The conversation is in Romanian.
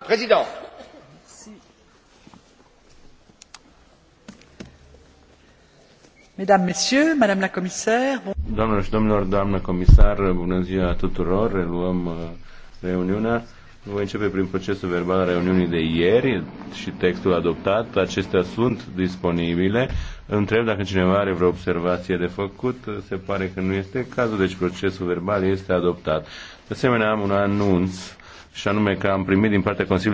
Président. Mesdames, Messieurs, Madame la Commissaire. Doamnelor și domnilor, doamnă comisar, bună ziua tuturor, reluăm uh, reuniunea. Voi începe prin procesul verbal al reuniunii de ieri și textul adoptat. Acestea sunt disponibile. Întreb dacă cineva are vreo observație de făcut. Se pare că nu este cazul, deci procesul verbal este adoptat. De asemenea, am un anunț și anume că am primit din partea Consiliului